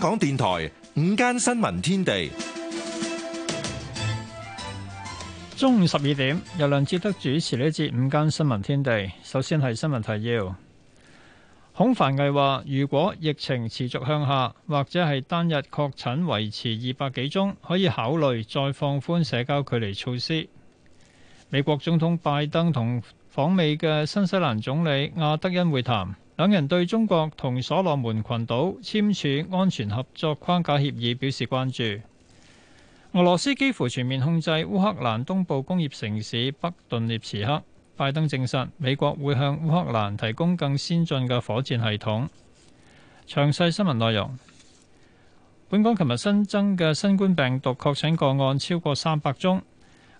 香港電台五間新聞天地，中午十二點由梁智德主持呢一節五間新聞天地。首先係新聞提要，孔繁毅話：如果疫情持續向下，或者係單日確診維持二百幾宗，可以考慮再放寬社交距離措施。美國總統拜登同訪美嘅新西蘭總理阿德恩會談。兩人對中國同所羅門群島簽署安全合作框架協議表示關注。俄羅斯幾乎全面控制烏克蘭東部工業城市北頓涅茨克。拜登證實美國會向烏克蘭提供更先進嘅火箭系統。詳細新聞內容。本港琴日新增嘅新冠病毒確診個案超過三百宗。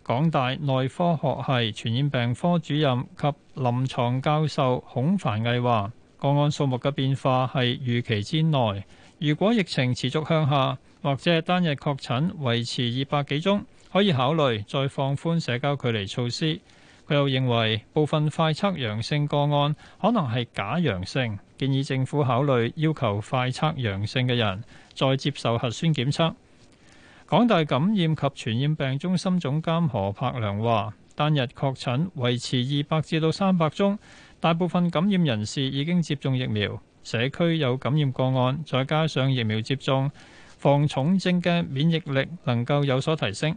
港大內科學系傳染病科主任及臨牀教授孔凡毅話。個案數目嘅變化係預期之內。如果疫情持續向下，或者單日確診維持二百幾宗，可以考慮再放寬社交距離措施。佢又認為部分快測陽性個案可能係假陽性，建議政府考慮要求快測陽性嘅人再接受核酸檢測。港大感染及傳染病中心總監何柏良話，單日確診維持二百至到三百宗。大部分感染人士已經接種疫苗，社區有感染個案，再加上疫苗接種，防重症嘅免疫力能夠有所提升。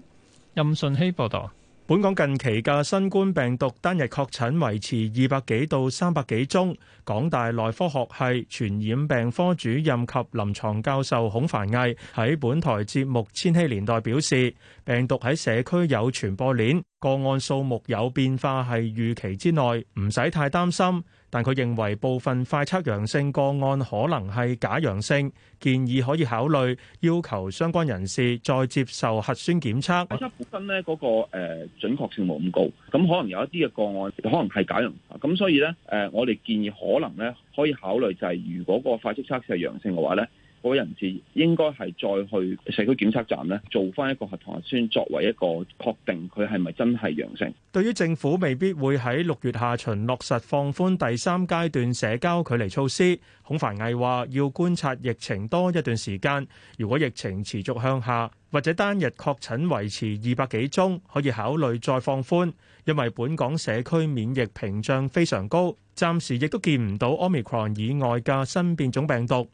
任順希報導。本港近期嘅新冠病毒單日確診維持二百幾到三百幾宗。港大內科學系傳染病科主任及臨床教授孔繁毅喺本台節目《千禧年代》表示，病毒喺社區有傳播鏈，個案數目有變化係預期之內，唔使太擔心。但佢認為部分快測陽性個案可能係假陽性，建議可以考慮要求相關人士再接受核酸檢測。核酸本身呢嗰個誒準確性冇咁高，咁可能有一啲嘅個案可能係假陽，咁所以呢，誒我哋建議可能呢可以考慮就係如果個快速測試係陽性嘅話呢。嗰位人士應該係再去社區檢測站呢做翻一個核糖核酸，作為一個確定佢係咪真係陽性。對於政府未必會喺六月下旬落實放寬第三階段社交距離措施，孔凡毅話：要觀察疫情多一段時間，如果疫情持續向下或者單日確診維持二百幾宗，可以考慮再放寬，因為本港社區免疫屏障非常高，暫時亦都見唔到 Omicron 以外嘅新變種病毒。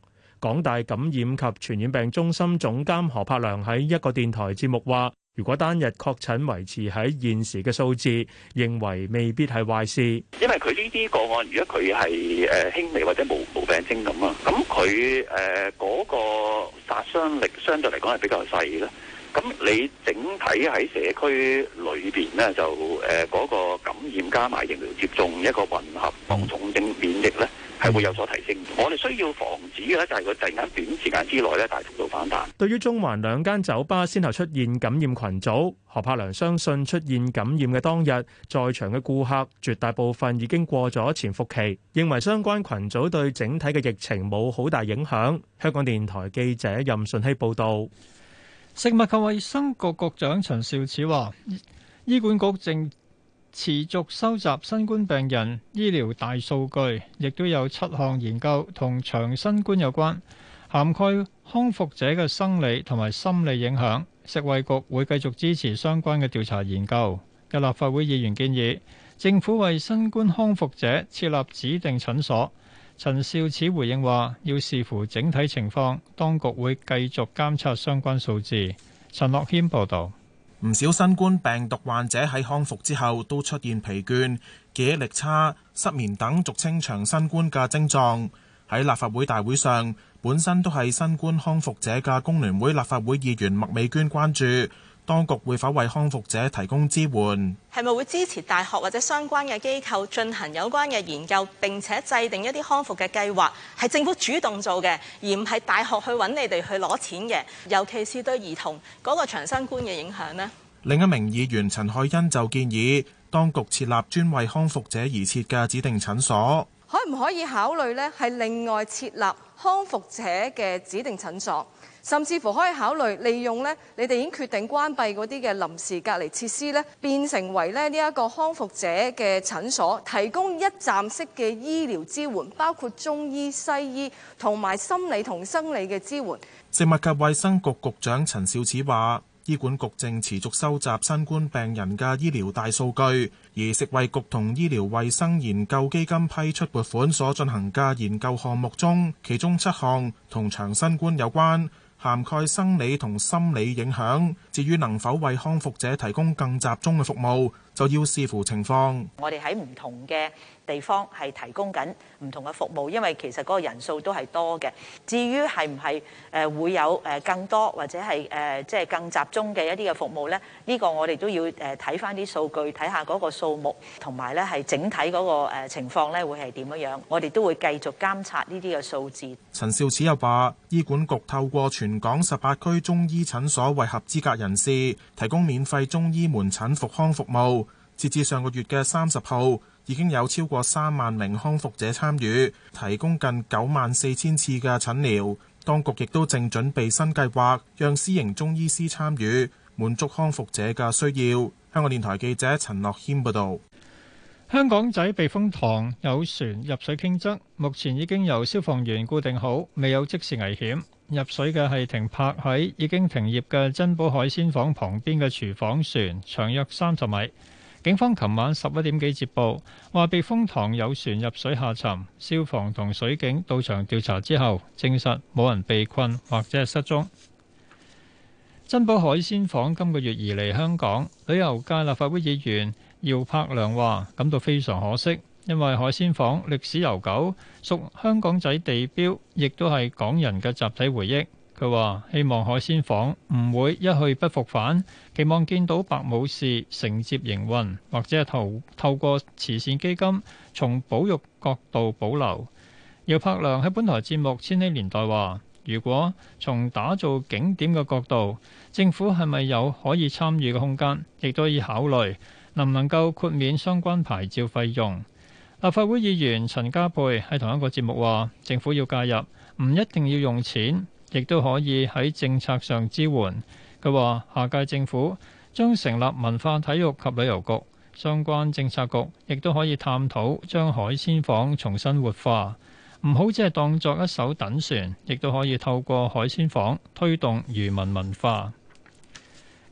港大感染及傳染病中心總監何柏良喺一個電台節目話，如果單日確診維持喺現時嘅數字，認為未必係壞事。因為，佢呢啲個案，如果佢係誒輕微或者無無病徵咁啊，咁佢誒嗰個殺傷力相對嚟講，係比較細啦。咁你整體喺社區裏邊咧，就誒嗰個感染加埋疫苗接種一個混合防重症免疫咧。係會有所提升。我哋需要防止嘅，就係佢突然間短時間之內咧大幅度反彈。對於中環兩間酒吧先後出現感染群組，何柏良相信出現感染嘅當日，在場嘅顧客絕大部分已經過咗潛伏期，認為相關群組對整體嘅疫情冇好大影響。香港電台記者任順希報導。食物及衞生局局長陳肇始話：醫管局正持續收集新冠病人醫療大數據，亦都有七項研究同長新冠有關，涵蓋康復者嘅生理同埋心理影響。食衛局會繼續支持相關嘅調查研究。有立法會議員建議政府為新冠康復者設立指定診所。陳肇始回應話：要視乎整體情況，當局會繼續監測相關數字。陳樂軒報導。唔少新冠病毒患者喺康復之後都出現疲倦、記憶力差、失眠等俗稱長新冠嘅症狀。喺立法會大會上，本身都係新冠康復者嘅工聯會立法會議員麥美娟關注。當局會否為康復者提供支援？係咪會支持大學或者相關嘅機構進行有關嘅研究，並且制定一啲康復嘅計劃？係政府主動做嘅，而唔係大學去揾你哋去攞錢嘅。尤其是對兒童嗰個長生觀嘅影響呢？另一名議員陳海欣就建議，當局設立專為康復者而設嘅指定診所。可唔可以考慮呢？係另外設立康復者嘅指定診所？甚至乎可以考慮利用咧，你哋已經決定關閉嗰啲嘅臨時隔離設施咧，變成為咧呢一個康復者嘅診所，提供一站式嘅醫療支援，包括中醫、西醫同埋心理同生理嘅支援。食物及衛生局局局長陳肇始話，醫管局正持續收集新冠病人嘅醫療大數據，而食衛局同醫療衛生研究基金批出撥款所進行嘅研究項目中，其中七項同長新冠有關。涵蓋生理同心理影響。至於能否為康復者提供更集中嘅服務，就要視乎情況。我哋喺唔同嘅地方係提供緊唔同嘅服務，因為其實嗰個人數都係多嘅。至於係唔係誒會有誒更多或者係誒即係更集中嘅一啲嘅服務咧？呢個我哋都要誒睇返啲數據，睇下嗰個數目同埋咧係整體嗰個誒情況咧會係點樣樣。我哋都會繼續監察呢啲嘅數字。陳肇始又話：醫管局透過全香港十八區中醫診所為合資格人士提供免費中醫門診復康服務，截至上個月嘅三十號，已經有超過三萬名康復者參與，提供近九萬四千次嘅診療。當局亦都正準備新計劃，讓私營中醫師參與，滿足康復者嘅需要。香港電台記者陳樂謙報道。香港仔避風塘有船入水傾側，目前已經由消防員固定好，未有即時危險。入水嘅係停泊喺已經停業嘅珍寶海鮮舫旁邊嘅廚房船，長約三十米。警方琴晚十一點幾接報，話避風塘有船入水下沉，消防同水警到場調查之後，證實冇人被困或者失蹤。珍寶海鮮舫今個月移嚟香港，旅遊界立法會議員姚柏良話感到非常可惜。因為海鮮坊歷史悠久，屬香港仔地標，亦都係港人嘅集體回憶。佢話：希望海鮮坊唔會一去不復返，期望見到白武士承接營運，或者係透透過慈善基金從保育角度保留。姚柏良喺本台節目《千禧年代》話：如果從打造景點嘅角度，政府係咪有可以參與嘅空間？亦都可以考慮能唔能夠豁免相關牌照費用？立法會議員陳家珮喺同一個節目話：政府要介入，唔一定要用錢，亦都可以喺政策上支援。佢話：下屆政府將成立文化、體育及旅遊局，相關政策局亦都可以探討將海鮮舫重新活化，唔好只係當作一艘躉船，亦都可以透過海鮮舫推動漁民文化。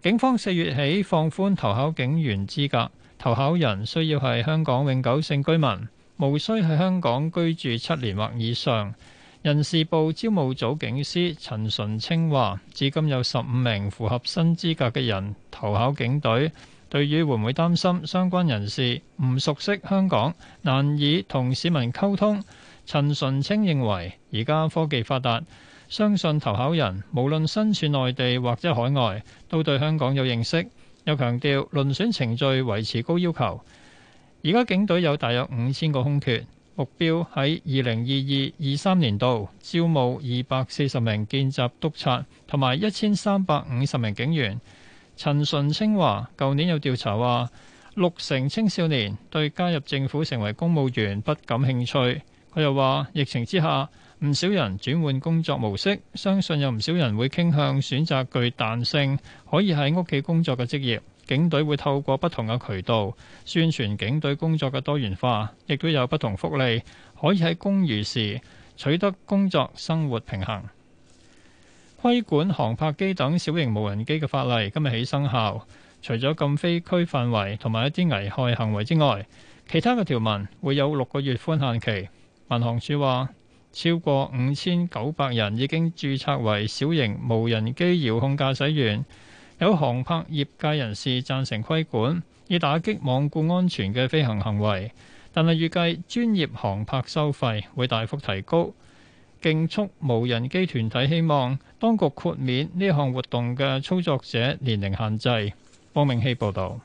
警方四月起放寬投考警員資格。投考人需要係香港永久性居民，無需喺香港居住七年或以上。人事部招募組警司陳純清話，至今有十五名符合新資格嘅人投考警隊，對於會唔會擔心相關人士唔熟悉香港，難以同市民溝通，陳純清認為而家科技發達，相信投考人無論身處內地或者海外，都對香港有認識。又強調遴選程序維持高要求。而家警隊有大約五千個空缺，目標喺二零二二二三年度招募二百四十名見習督，督察同埋一千三百五十名警員。陳純清話：舊年有調查話六成青少年對加入政府成為公務員不感興趣。佢又話：疫情之下，唔少人轉換工作模式，相信有唔少人會傾向選擇具彈性可以喺屋企工作嘅職業。警隊會透過不同嘅渠道宣傳警隊工作嘅多元化，亦都有不同福利，可以喺公餘時取得工作生活平衡。規管航拍機等小型無人機嘅法例今日起生效，除咗禁飛區範圍同埋一啲危害行為之外，其他嘅條文會有六個月寬限期。民航處話，超過五千九百人已經註冊為小型無人機遙控駕駛員，有航拍業界人士贊成規管，以打擊罔顧安全嘅飛行行為。但係預計專業航拍收費會大幅提高。競速無人機團體希望當局豁免呢項活動嘅操作者年齡限制。郭明希報導。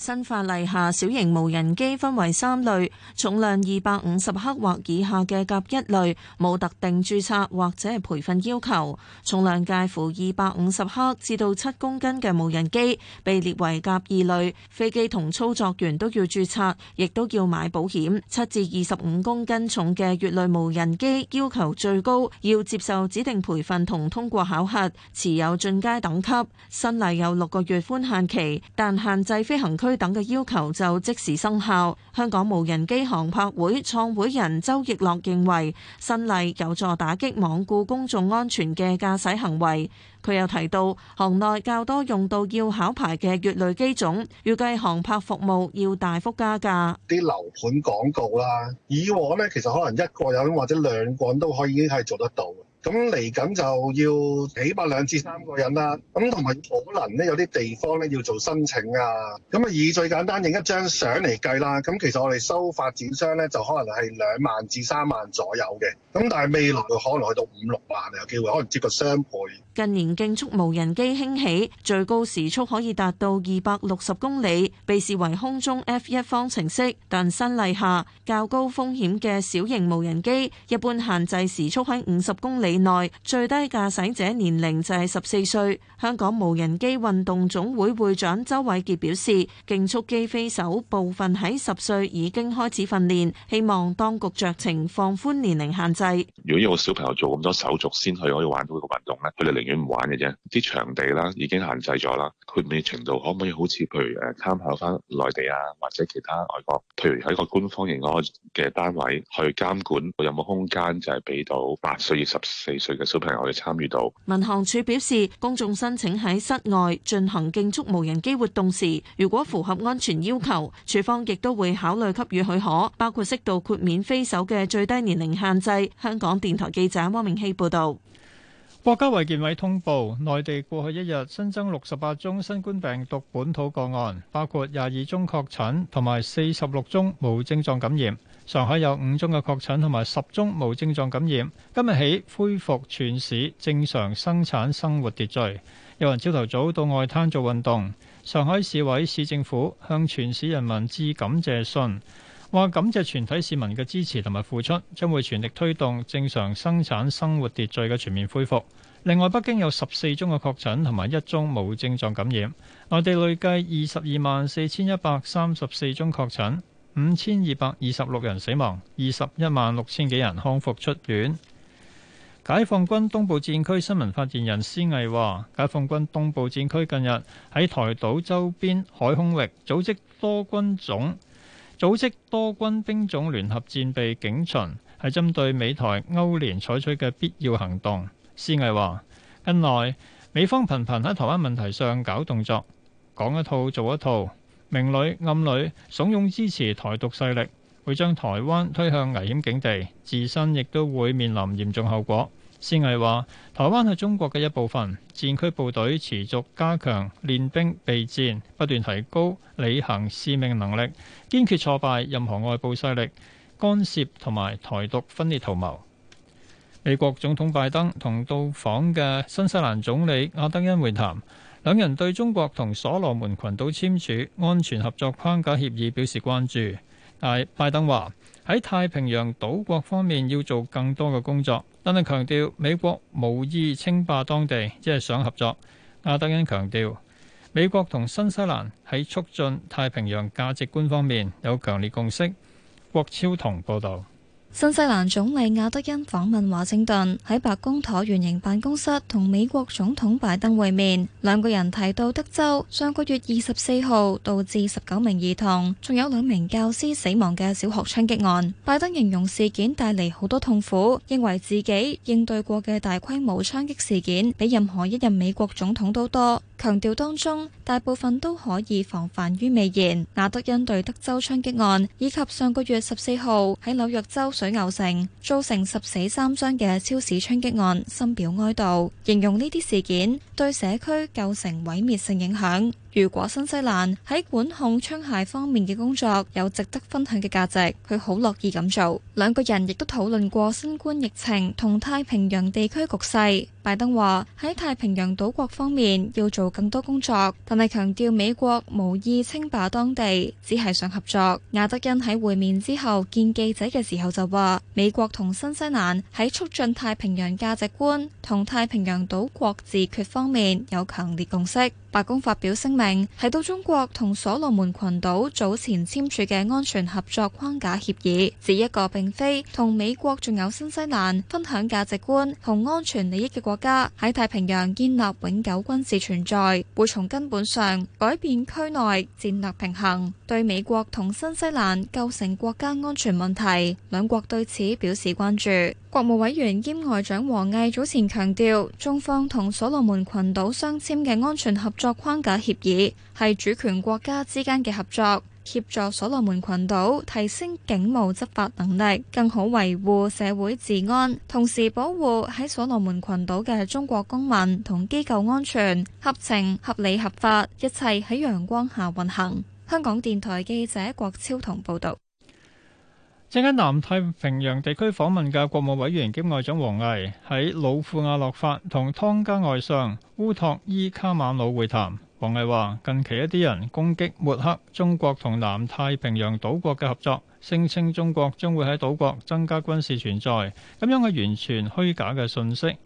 新法例下，小型無人機分為三類，重量二百五十克或以下嘅甲一類冇特定註冊或者係培訓要求；重量介乎二百五十克至到七公斤嘅無人機被列為甲二類，飛機同操作員都要註冊，亦都要買保險。七至二十五公斤重嘅乙類無人機要求最高，要接受指定培訓同通過考核，持有進階等級。新例有六個月寬限期，但限制飛行區。等嘅要求就即時生效。香港無人機航拍會創會人周奕樂認為，新例有助打擊罔顧公眾安全嘅駕駛行為。佢又提到，行內較多用到要考牌嘅乙類機種，預計航拍服務要大幅加價。啲樓盤廣告啦，以往咧，其實可能一個人或者兩個人都可以已經係做得到。咁嚟緊就要起碼兩至三個人啦，咁同埋可能咧有啲地方咧要做申請啊，咁啊以最簡單影一張相嚟計啦，咁其實我哋收發展商咧就可能係兩萬至三萬左右嘅，咁但係未來可能去到五六萬有機會，可能接個雙倍。近年競速無人機興起，最高時速可以達到二百六十公里，被視為空中 F1 方程式。但新例下較高風險嘅小型無人機，一般限制時速喺五十公里。內最低駕駛者年齡就係十四歲。香港無人機運動總會會長周偉傑表示，競速機飛手部分喺十歲已經開始訓練，希望當局酌情放寬年齡限制。如果要個小朋友做咁多手續先去可以玩到個呢個運動咧，佢哋寧願唔玩嘅啫。啲場地啦已經限制咗啦，佢嘅程度可唔可以好似譬如誒參考翻內地啊或者其他外國，譬如喺個官方型嘅單位去監管，有冇空間就係俾到八歲至十四歲嘅小朋友可以參與到。民航處表示，公眾申請喺室外進行競速無人機活動時，如果符合安全要求，處方亦都會考慮給予許可，包括適度豁免飛手嘅最低年齡限制。香港電台記者汪明熙報道。國家衛健委通報，內地過去一日新增六十八宗新冠病毒本土個案，包括廿二宗確診同埋四十六宗無症狀感染。上海有五宗嘅確診同埋十宗無症狀感染。今日起恢復全市正常生產生活秩序。有人朝頭早到外灘做運動。上海市委市政府向全市人民致感謝信。話感謝全體市民嘅支持同埋付出，將會全力推動正常生產生活秩序嘅全面恢復。另外，北京有十四宗嘅確診同埋一宗無症狀感染。內地累計二十二萬四千一百三十四宗確診，五千二百二十六人死亡，二十一萬六千幾人康復出院。解放軍東部戰區新聞發言人施毅話，解放軍東部戰區近日喺台島周邊海空域組織多軍種。組織多軍兵種聯合戰備警巡，係針對美台歐聯採取嘅必要行動。施毅話：近來美方頻頻喺台灣問題上搞動作，講一套做一套，明裏暗裏慫恿支持台獨勢力，會將台灣推向危險境地，自身亦都會面臨嚴重後果。施毅話：台灣係中國嘅一部分，戰區部隊持續加強練兵備戰，不斷提高履行使命能力，堅決挫敗任何外部勢力干涉同埋台獨分裂圖謀。美國總統拜登同到訪嘅新西蘭總理阿德恩會談，兩人對中國同所羅門群島簽署安全合作框架協議表示關注。但拜登話，喺太平洋島國方面要做更多嘅工作，但係強調美國無意稱霸當地，即係想合作。阿德恩強調，美國同新西蘭喺促進太平洋價值觀方面有強烈共識。郭超同報導。新西蘭總理亞德恩訪問華盛頓，喺白宮橢圓形辦公室同美國總統拜登會面。兩個人提到德州上個月二十四號導致十九名兒童，仲有兩名教師死亡嘅小學槍擊案。拜登形容事件帶嚟好多痛苦，認為自己應對過嘅大規模槍擊事件比任何一任美國總統都多，強調當中大部分都可以防範於未然。亞德恩對德州槍擊案以及上個月十四號喺紐約州水牛城造成十死三傷嘅超市槍擊案，深表哀悼，形容呢啲事件對社區構成毀滅性影響。如果新西蘭喺管控槍械方面嘅工作有值得分享嘅價值，佢好樂意咁做。兩個人亦都討論過新冠疫情同太平洋地區局勢，拜登話喺太平洋島國方面要做更多工作，但係強調美國無意稱霸當地，只係想合作。亞德恩喺會面之後見記者嘅時候就話，美國同新西蘭喺促進太平洋價值觀同太平洋島國自決方面有強烈共識。白宮發表聲明，提到中國同所羅門群島早前簽署嘅安全合作框架協議，指一個並非同美國仲有新西蘭分享價值觀同安全利益嘅國家，喺太平洋建立永久軍事存在，會從根本上改變區內戰略平衡，對美國同新西蘭構成國家安全問題。兩國對此表示關注。國務委員兼外長王毅早前強調，中方同所羅門群島相簽嘅安全合作框架協議，係主權國家之間嘅合作，協助所羅門群島提升警務執法能力，更好維護社會治安，同時保護喺所羅門群島嘅中國公民同機構安全，合情合理合法，一切喺陽光下運行。香港電台記者郭超同報道。正喺南太平洋地區訪問嘅國務委員兼外長王毅喺努庫阿洛法同湯加外相烏托伊卡馬魯會談。王毅話：近期一啲人攻擊抹黑中國同南太平洋島國嘅合作，聲稱中國將會喺島國增加軍事存在，咁樣嘅完全虛假嘅信息。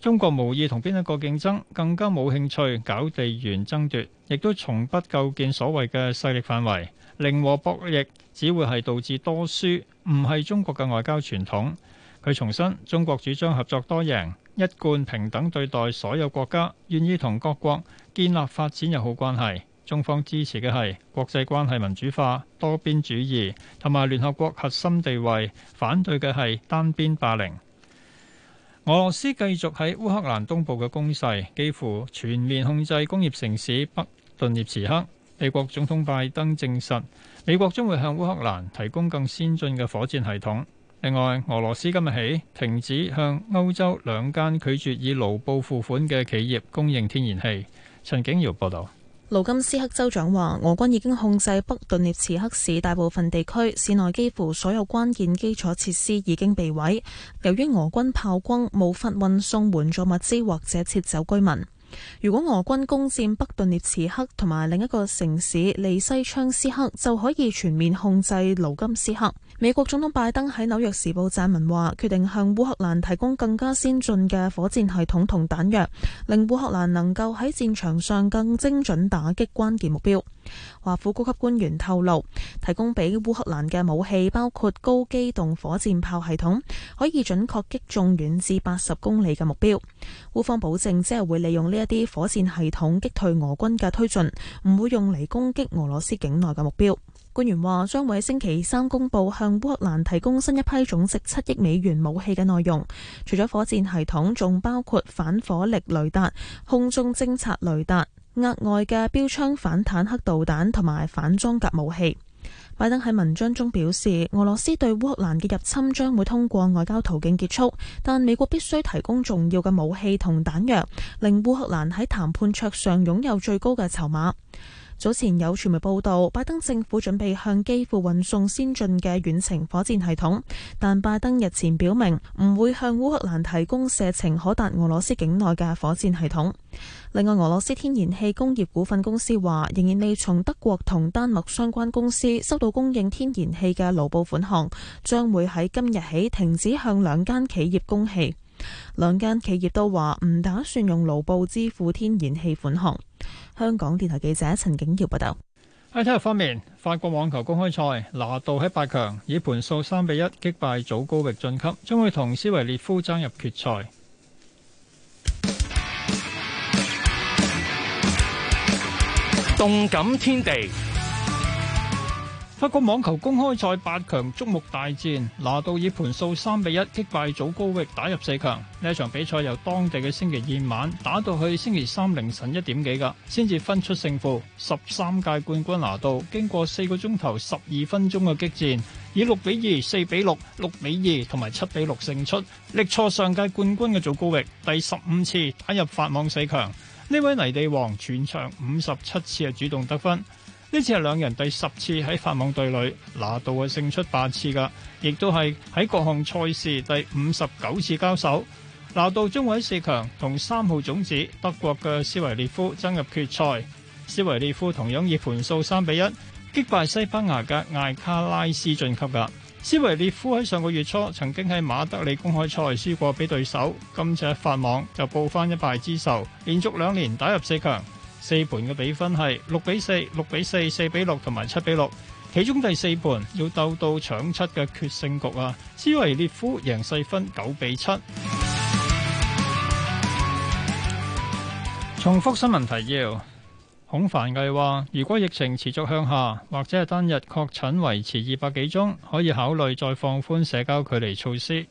中國無意同邊一個競爭，更加冇興趣搞地緣爭奪，亦都從不構建所謂嘅勢力範圍。零和博弈只會係導致多輸，唔係中國嘅外交傳統。佢重申，中國主張合作多贏，一貫平等對待所有國家，願意同各國建立發展友好關係。中方支持嘅係國際關係民主化、多邊主義同埋聯合國核心地位，反對嘅係單邊霸凌。俄羅斯繼續喺烏克蘭東部嘅攻勢，幾乎全面控制工業城市北頓涅茨克。美國總統拜登證實，美國將會向烏克蘭提供更先進嘅火箭系統。另外，俄羅斯今日起停止向歐洲兩間拒絕以盧布付款嘅企業供應天然氣。陳景瑤報道。盧金斯克州長話，俄軍已經控制北頓涅茨克市大部分地區，市內幾乎所有關鍵基礎設施已經被毀。由於俄軍炮轟，無法運送援助物資或者撤走居民。如果俄軍攻占北頓涅茨克同埋另一個城市利西昌斯克，就可以全面控制盧甘斯克。美國總統拜登喺紐約時報撰文話，決定向烏克蘭提供更加先進嘅火箭系統同彈藥，令烏克蘭能夠喺戰場上更精準打擊關鍵目標。華府高級官員透露，提供俾烏克蘭嘅武器包括高機動火箭炮系統，可以準確擊中遠至八十公里嘅目標。烏方保證，即係會利用呢一啲火箭系統擊退俄軍嘅推進，唔會用嚟攻擊俄羅斯境內嘅目標。官員話，將會喺星期三公布向烏克蘭提供新一批總值七億美元武器嘅內容，除咗火箭系統，仲包括反火力雷達、空中偵察雷達、額外嘅標槍反坦克導彈同埋反裝甲武器。拜登喺文章中表示，俄羅斯對烏克蘭嘅入侵將會通過外交途徑結束，但美國必須提供重要嘅武器同彈藥，令烏克蘭喺談判桌上擁有最高嘅籌碼。早前有傳媒報道，拜登政府準備向基輔運送先進嘅遠程火箭系統，但拜登日前表明唔會向烏克蘭提供射程可達俄羅斯境內嘅火箭系統。另外，俄羅斯天然氣工業股份公司話，仍然未從德國同丹麥相關公司收到供應天然氣嘅盧布款項，將會喺今日起停止向兩間企業供氣。兩間企業都話唔打算用盧布支付天然氣款項。香港電台記者陳景喬報道。喺體育方面，法國網球公開賽，拿度喺八強以盤數三比一擊敗祖高域晉級，將會同斯維列夫爭入決賽。動感天地。法國網球公開賽八強矚目大戰，拿度以盤數三比一擊敗祖高域，打入四強。呢一場比賽由當地嘅星期二晚打到去星期三凌晨一點幾噶，先至分出勝負。十三屆冠軍拿度經過四個鐘頭十二分鐘嘅激戰，以六比二、四比六、六比二同埋七比六勝出，力挫上屆冠軍嘅祖高域，第十五次打入法網四強。呢位泥地王全場五十七次係主動得分。呢次係兩人第十次喺法網對壘，拿度係勝出八次噶，亦都係喺各項賽事第五十九次交手。拿度中位四強同三號種子德國嘅斯維列夫爭入決賽，斯維列夫同樣以盤數三比一擊敗西班牙嘅艾卡拉斯晉級噶。斯維列夫喺上個月初曾經喺馬德里公開賽輸過俾對手，今次喺法網就報翻一敗之仇，連續兩年打入四強。四盤嘅比分係六比四、六比四、四比六同埋七比六。其中第四盤要鬥到搶七嘅決勝局啊！斯維列夫贏四分九比七。重複新聞提要。孔凡毅話：如果疫情持續向下，或者係單日確診維持二百幾宗，可以考慮再放寬社交距離措施。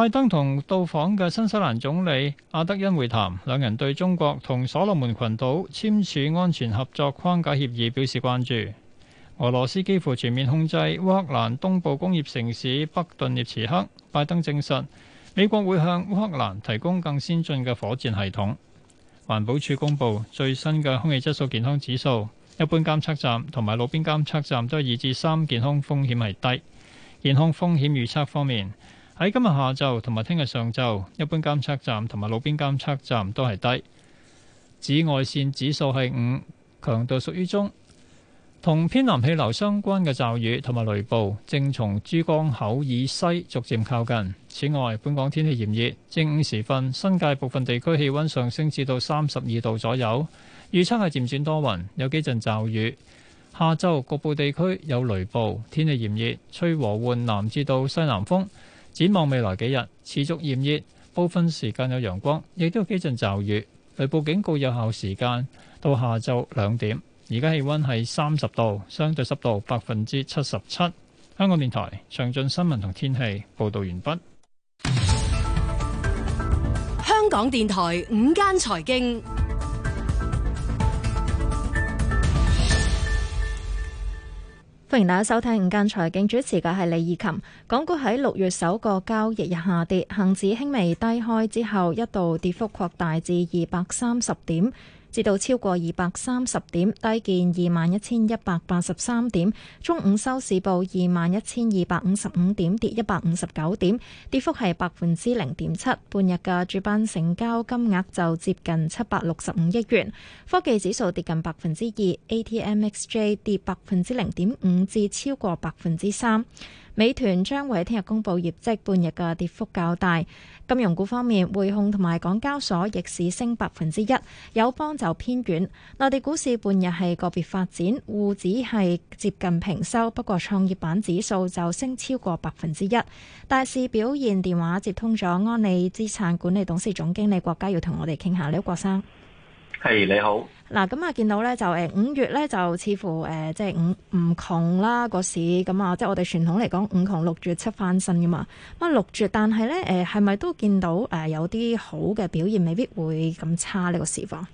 拜登同到訪嘅新西蘭總理阿德恩會談，兩人對中國同所羅門群島簽署安全合作框架協議表示關注。俄羅斯幾乎全面控制烏克蘭東部工業城市北頓涅茨克。拜登證實，美國會向烏克蘭提供更先進嘅火箭系統。環保署公布最新嘅空氣質素健康指數，一般監測站同埋路邊監測站都係二至三，健康風險係低。健康風險預測方面。喺今日下晝同埋聽日上晝，一般監測站同埋路邊監測站都係低。紫外線指數係五，強度屬於中。同偏南氣流相關嘅驟雨同埋雷暴正從珠江口以西逐漸靠近。此外，本港天氣炎熱，正午時分新界部分地區氣温上升至到三十二度左右。預測係漸轉多雲，有幾陣驟雨。下晝局部地區有雷暴，天氣炎熱，吹和緩南至到西南風。展望未來幾日持續炎熱，部分時間有陽光，亦都有幾陣驟雨。雷暴警告有效時間到下晝兩點。而家氣温係三十度，相對濕度百分之七十七。香港電台詳盡新聞同天氣報道完畢。香港電台午間財經。歡迎大家收聽《午間財經》，主持嘅係李怡琴。港股喺六月首個交易日下跌，恒指輕微低開之後，一度跌幅擴大至二百三十點。跌到超過二百三十點，低見二萬一千一百八十三點。中午收市報二萬一千二百五十五點，跌一百五十九點，跌幅係百分之零點七。半日嘅主板成交金額就接近七百六十五億元。科技指數跌近百分之二，ATMXJ 跌百分之零點五至超過百分之三。美團將會喺聽日公布業績，半日嘅跌幅較大。金融股方面，匯控同埋港交所逆市升百分之一，友邦就偏軟。內地股市半日係個別發展，滬指係接近平收，不過創業板指數就升超過百分之一。大市表現，電話接通咗安利資產管理董事總經理郭家，要同我哋傾下，你好，郭生。係、hey, 你好嗱，咁啊見到咧就誒五月咧就似乎誒、呃、即係五五窮啦、那個市咁啊、嗯，即係我哋傳統嚟講五窮六絕七翻身噶嘛，咁啊六絕，但係咧誒係咪都見到誒、呃、有啲好嘅表現，未必會咁差呢個市況？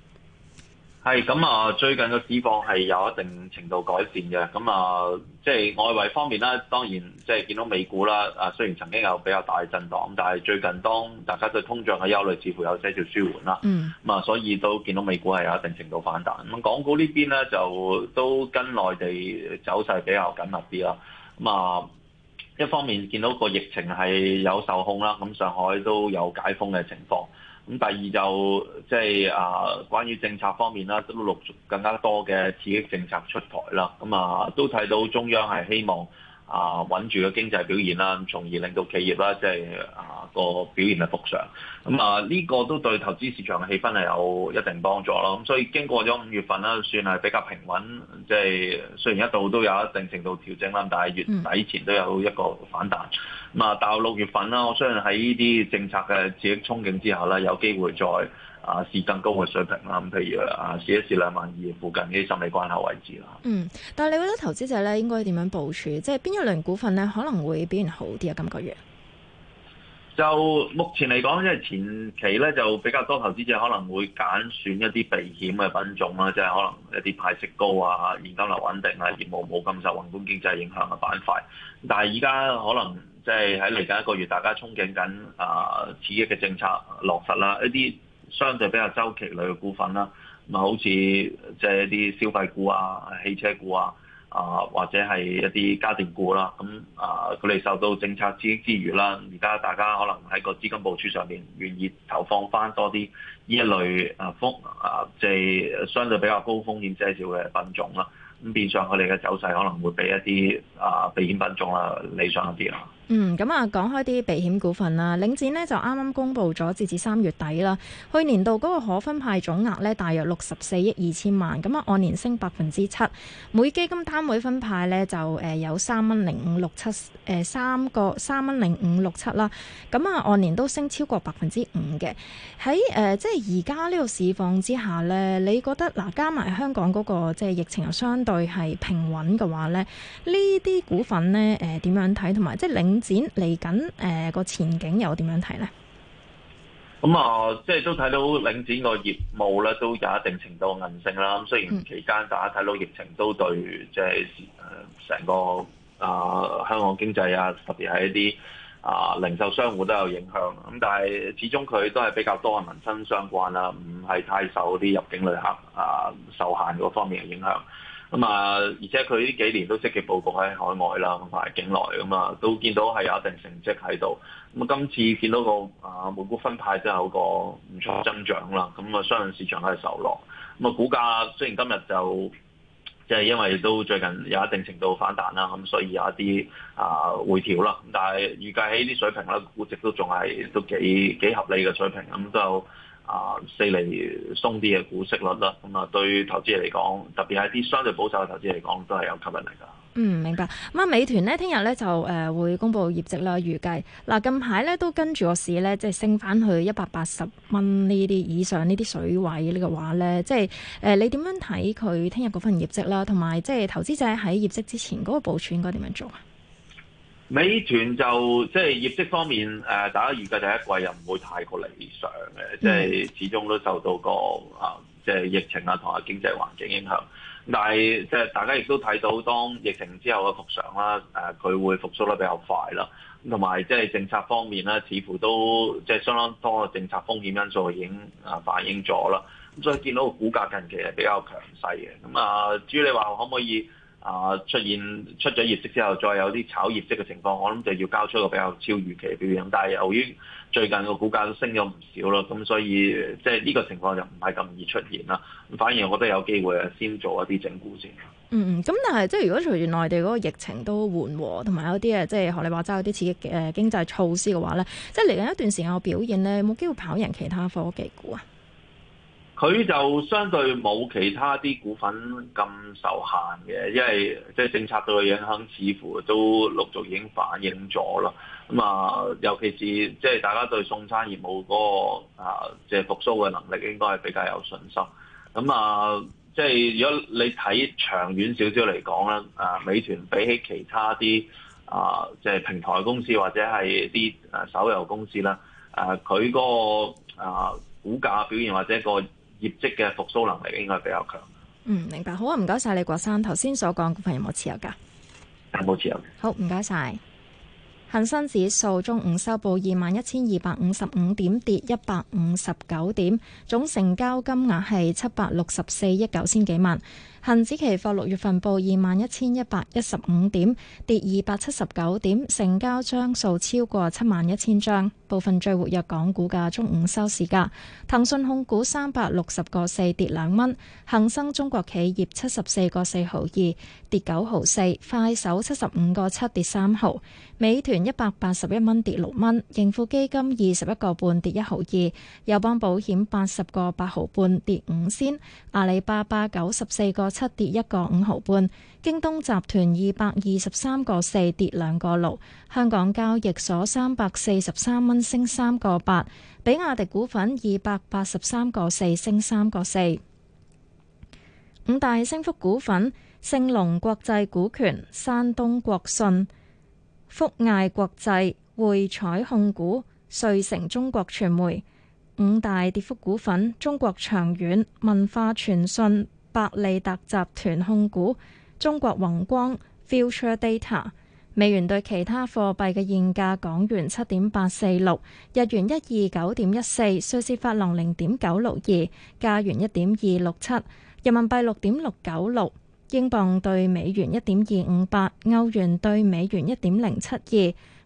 係咁啊，最近個市況係有一定程度改善嘅，咁啊，即係外圍方面啦，當然即係見到美股啦，啊雖然曾經有比較大震盪，但係最近當大家對通脹嘅憂慮似乎有些少舒緩啦，嗯，咁啊，所以都見到美股係有一定程度反彈。咁港股呢邊咧就都跟內地走勢比較緊密啲啦，咁啊一方面見到個疫情係有受控啦，咁上海都有解封嘅情況。咁第二就即係啊，關於政策方面啦，都陸續更加多嘅刺激政策出台啦。咁啊，都睇到中央係希望。啊，穩住嘅經濟表現啦，從而令到企業啦，即係啊，個表現係復常。咁啊呢個都對投資市場嘅氣氛係有一定幫助咯。咁所以經過咗五月份啦，算係比較平穩，即係雖然一度都有一定程度調整啦，但係月底前都有一個反彈。咁啊，到六月份啦，我相信喺呢啲政策嘅刺激衝勁之下咧，有機會再，啊，試更高嘅水平啦，咁譬如啊，試一試兩萬二附近呢啲心理關口位置啦。嗯，但係你覺得投資者咧應該點樣部署？即係邊一類股份咧可能會表現好啲啊？今個月就目前嚟講，因為前期咧就比較多投資者可能會揀選，選一啲避險嘅品種啦，即係可能一啲派息高啊、現金流穩定啊、業務冇咁受宏觀經濟影響嘅板塊。但係而家可能即係喺嚟緊一個月，大家憧憬緊啊刺激嘅政策落實啦，一啲。相對比較周期類嘅股份啦，咁好似即係一啲消費股啊、汽車股啊、啊或者係一啲家電股啦，咁啊佢哋受到政策刺激之餘啦，而家大家可能喺個資金部署上面願意投放翻多啲呢一類啊風啊，即係相對比較高風險些少嘅品種啦，咁變相佢哋嘅走勢可能會畀一啲啊避險品種啊理想一啲啦。嗯，咁啊，講開啲避險股份啦，領展咧，就啱啱公布咗，截至三月底啦，去年度嗰個可分派總額咧大約六十四億二千萬，咁啊按年升百分之七，每基金單位分派咧就誒有三蚊,零五六七誒三個三蚊零五六七啦，咁啊按年都升超過百分之五嘅。喺誒、呃、即係而家呢個市況之下咧，你覺得嗱、呃、加埋香港嗰個即係疫情又相對係平穩嘅話咧，呢啲股份咧誒點樣睇？同埋即係領。領展嚟緊誒個前景又點樣睇呢？咁、嗯、啊，即係都睇到領展個業務咧都有一定程度韌性啦。咁雖然期間大家睇到疫情都對即係誒成個啊、呃、香港經濟啊，特別係一啲啊、呃、零售商戶都有影響。咁但係始終佢都係比較多係民生相關啦，唔係太受啲入境旅客啊、呃、受限嗰方面嘅影響。咁啊、嗯，而且佢呢幾年都積極佈局喺海外啦，同埋境內咁啊、嗯，都見到係有一定成績喺度。咁、嗯、啊，今次見到個啊每股分派，即係有個唔錯增長啦。咁、嗯、啊，相信市場都係受落。咁、嗯、啊，股價雖然今日就即係、就是、因為都最近有一定程度反彈啦，咁、嗯、所以有一啲啊回調啦。咁但係預計喺呢啲水平啦，估值都仲係都幾幾合理嘅水平咁、嗯、就。啊、呃，四厘鬆啲嘅股息率啦，咁、嗯、啊，對投資嚟講，特別係啲相對保守嘅投資嚟講，都係有吸引力噶。嗯，明白咁啊。美團呢聽日咧就誒、呃、會公布業績啦。預計嗱，近排咧都跟住個市咧，即係升翻去一百八十蚊呢啲以上呢啲水位呢個話咧，即係誒、呃，你點樣睇佢聽日嗰份業績啦？同埋即係投資者喺業績之前嗰、嗰個部署應該點樣做啊？美團就即係、就是、業績方面，誒大家預計第一季又唔會太過理想嘅，即、就、係、是、始終都受到個啊，即、就、係、是、疫情啊同埋經濟環境影響。但係即係大家亦都睇到，當疫情之後嘅復常啦，誒佢會復甦得比較快啦，同埋即係政策方面咧，似乎都即係、就是、相當多嘅政策風險因素已經啊反映咗啦。咁所以見到個股價近期係比較強勢嘅。咁啊，至於，你話可唔可以？啊！出現出咗業績之後，再有啲炒業績嘅情況，我諗就要交出一個比較超預期表現。但係由於最近個股價都升咗唔少啦，咁所以即係呢個情況就唔係咁易出現啦。反而我覺得有機會先做一啲整固先。嗯，咁但係即係如果隨住內地嗰個疫情都緩和，同埋有啲啊即係學你話齋有啲刺激誒經濟措施嘅話呢，即係嚟緊一段時間嘅表現呢，有冇機會跑贏其他科技股？佢就相對冇其他啲股份咁受限嘅，因為即係政策對佢影響似乎都陸續已經反映咗啦。咁啊，尤其是即係大家對送餐業務嗰個啊，即係復甦嘅能力應該係比較有信心。咁啊，即係如果你睇長遠少少嚟講咧，啊，美團比起其他啲啊，即係平台公司或者係啲啊手遊公司啦，啊，佢嗰個啊股價表現或者個業績嘅復甦能力應該比較強。嗯，明白。好啊，唔該晒。李國生，頭先所講股份有冇持有㗎？有冇持有？好，唔該晒。恒生指數中午收報二萬一千二百五十五點，跌一百五十九點，總成交金額係七百六十四億九千幾萬。恒指期貨六月份報二萬一千一百一十五點，跌二百七十九點，成交張數超過七萬一千張。部分最活躍港股嘅中午收市價：騰訊控股三百六十個四跌兩蚊，恒生中國企業七十四個四毫二跌九毫四，快手七十五個七跌三毫，美團一百八十一蚊跌六蚊，盈富基金二十一個半跌一毫二，友邦保險八十個八毫半跌五仙，阿里巴巴九十四個。七跌一個五毫半，京東集團二百二十三個四跌兩個六，香港交易所三百四十三蚊升三個八，比亞迪股份二百八十三個四升三個四。五大升幅股份：聖龍國際股權、山東國信、福艾國際、匯彩控股、瑞誠中國傳媒。五大跌幅股份：中國長遠、文化傳信。百利達集團控股、中國宏光、Future Data。美元對其他貨幣嘅現價：港元七點八四六，日元一二九點一四，瑞士法郎零點九六二，加元一點二六七，人民幣六點六九六，英鎊對美元一點二五八，歐元對美元一點零七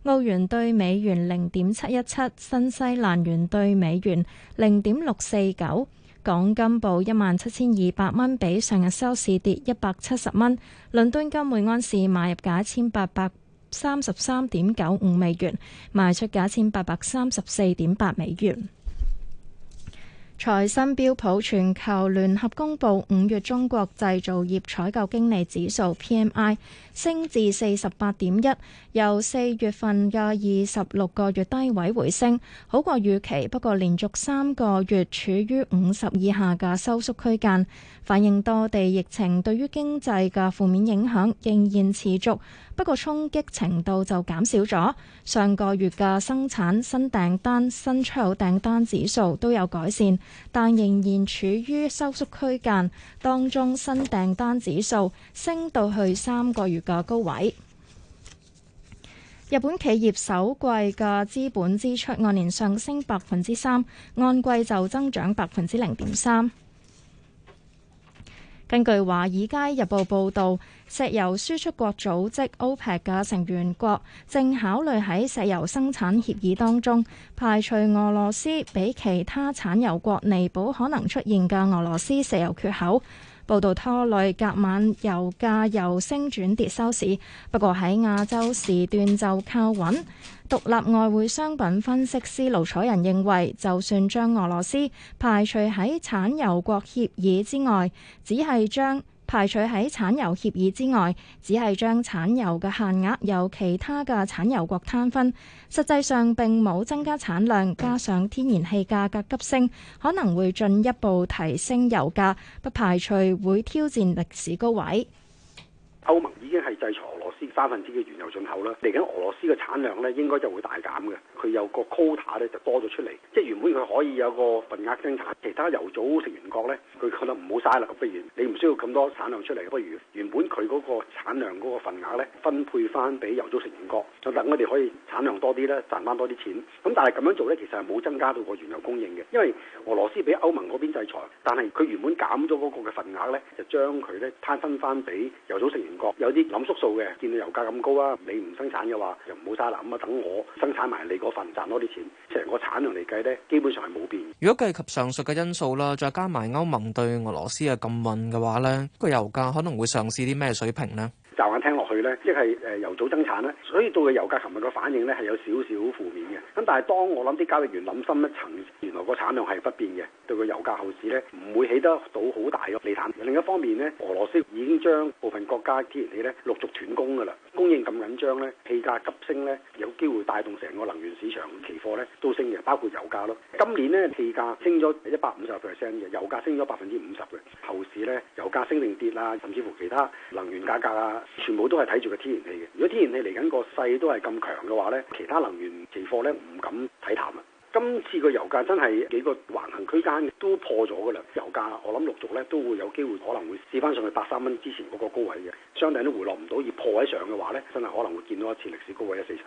二，澳元對美元零點七一七，新西蘭元對美元零點六四九。港金報一萬七千二百蚊，17，比上日收市跌一百七十蚊。倫敦金每安士買入價一千八百三十三點九五美元，賣出價一千八百三十四點八美元。財新標普全球聯合公布，五月中國製造業採購經理指數 PMI 升至四十八點一，由四月份嘅二十六個月低位回升，好過預期。不過，連續三個月處於五十以下嘅收縮區間，反映多地疫情對於經濟嘅負面影響仍然持續。不過衝擊程度就減少咗。上個月嘅生產、新訂單、新出口訂單指數都有改善，但仍然處於收縮區間。當中新訂單指數升到去三個月嘅高位。日本企業首季嘅資本支出按年上升百分之三，按季就增長百分之零點三。根據《華爾街日報》報導，石油輸出國組織 OPEC 嘅成員國正考慮喺石油生產協議當中排除俄羅斯，俾其他產油國彌補可能出現嘅俄羅斯石油缺口。報道拖累，隔晚油價由升轉跌收市。不過喺亞洲時段就靠穩。獨立外匯商品分析師盧楚仁認為，就算將俄羅斯排除喺產油國協議之外，只係將排除喺產油協議之外，只係將產油嘅限額由其他嘅產油國攤分，實際上並冇增加產量。加上天然氣價格急升，可能會進一步提升油價，不排除會挑戰歷史高位。歐盟已經係制裁俄羅斯三分之一嘅原油進口啦，嚟緊俄羅斯嘅產量呢應該就會大減嘅。佢有個 quota 咧就多咗出嚟，即係原本佢可以有個份額生產，其他油組成員國呢，佢覺得唔好嘥啦，不如你唔需要咁多產量出嚟，不如原本佢嗰個產量嗰個份額呢，分配翻俾油組成員國，咁等我哋可以產量多啲呢，賺翻多啲錢，咁但係咁樣做呢，其實係冇增加到個原油供應嘅，因為俄羅斯俾歐盟嗰邊制裁，但係佢原本減咗嗰個嘅份額呢，就將佢呢，攤分翻俾油組成員國，有啲諗縮數嘅，見到油價咁高啊，你唔生產嘅話又唔好嘥啦，咁、嗯、啊等我生產埋你我賺多啲錢，成個產量嚟計咧，基本上係冇變。如果計及上述嘅因素啦，再加埋歐盟對俄羅斯嘅禁運嘅話咧，個油價可能會上市啲咩水平咧？驟眼聽落去呢，即係誒，油組增產呢，所以對個油價琴日個反應呢，係有少少負面嘅。咁但係當我諗啲交易員諗深一層，原來個產量係不變嘅，對個油價後市呢，唔會起得到好大嘅利淡。另一方面呢，俄羅斯已經將部分國家啲氣呢陸續斷供㗎啦，供應咁緊張呢，氣價急升呢有機會帶動成個能源市場期貨呢都升嘅，包括油價咯。今年呢，氣價升咗一百五十 percent 嘅，油價升咗百分之五十嘅，後市呢，油價升定跌啊？甚至乎其他能源價格啊。全部都係睇住個天然氣嘅。如果天然氣嚟緊個勢都係咁強嘅話呢，其他能源期貨呢唔敢睇淡啊。今次個油價真係幾個橫行區間都破咗噶啦，油價我諗陸續呢都會有機會可能會試翻上去八三蚊之前嗰個高位嘅。相對都回落唔到而破位上嘅話呢，真係可能會見到一次歷史高位一四七。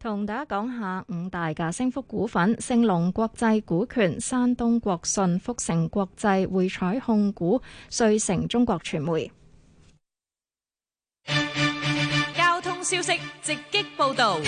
同大家講下五大嘅升幅股份：聖龍國際股權、山東國信、福成國際、匯彩控股、瑞誠中國傳媒。消息直擊報道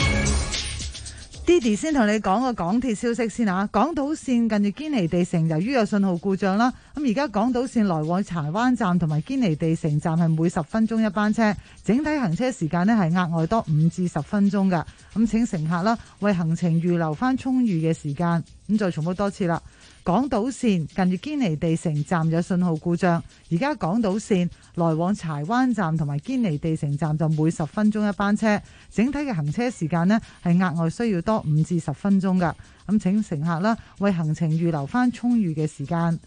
，Diddy 先同你講個港鐵消息先吓，港島線近住堅尼地城，由於有信號故障啦，咁而家港島線來往柴灣站同埋堅尼地城站係每十分鐘一班車，整體行車時間咧，係額外多五至十分鐘㗎，咁請乘客啦，為行程預留返充裕嘅時間，咁再重複多次啦。港島綫近住堅尼地城站有信號故障，而家港島綫來往柴灣站同埋堅尼地城站就每十分鐘一班車，整體嘅行車時間呢係額外需要多五至十分鐘噶，咁請乘客啦，為行程預留返充裕嘅時間。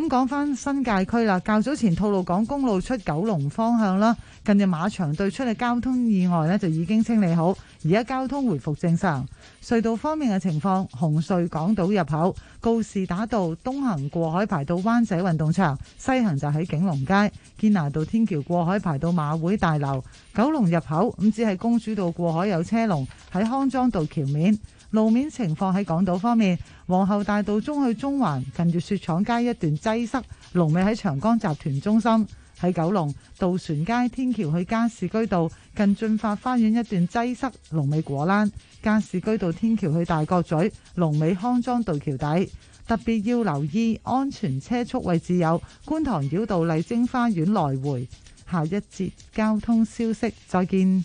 咁講翻新界區啦，較早前吐露港公路出九龍方向啦，近日馬場對出嘅交通意外呢，就已經清理好，而家交通回復正常。隧道方面嘅情況，紅隧港島入口、告士打道東行過海排到灣仔運動場，西行就喺景隆街、堅拿道天橋過海排到馬會大樓。九龍入口咁只係公主道過海有車龍，喺康莊道橋面。路面情況喺港島方面，皇后大道中去中環近住雪廠街一段擠塞，龍尾喺長江集團中心；喺九龍渡船街天橋去加士居道近進發花園一段擠塞，龍尾果欄；加士居道天橋去大角咀，龍尾康莊道橋底。特別要留意安全車速位置有觀塘繞道麗晶花園來回。下一節交通消息，再見。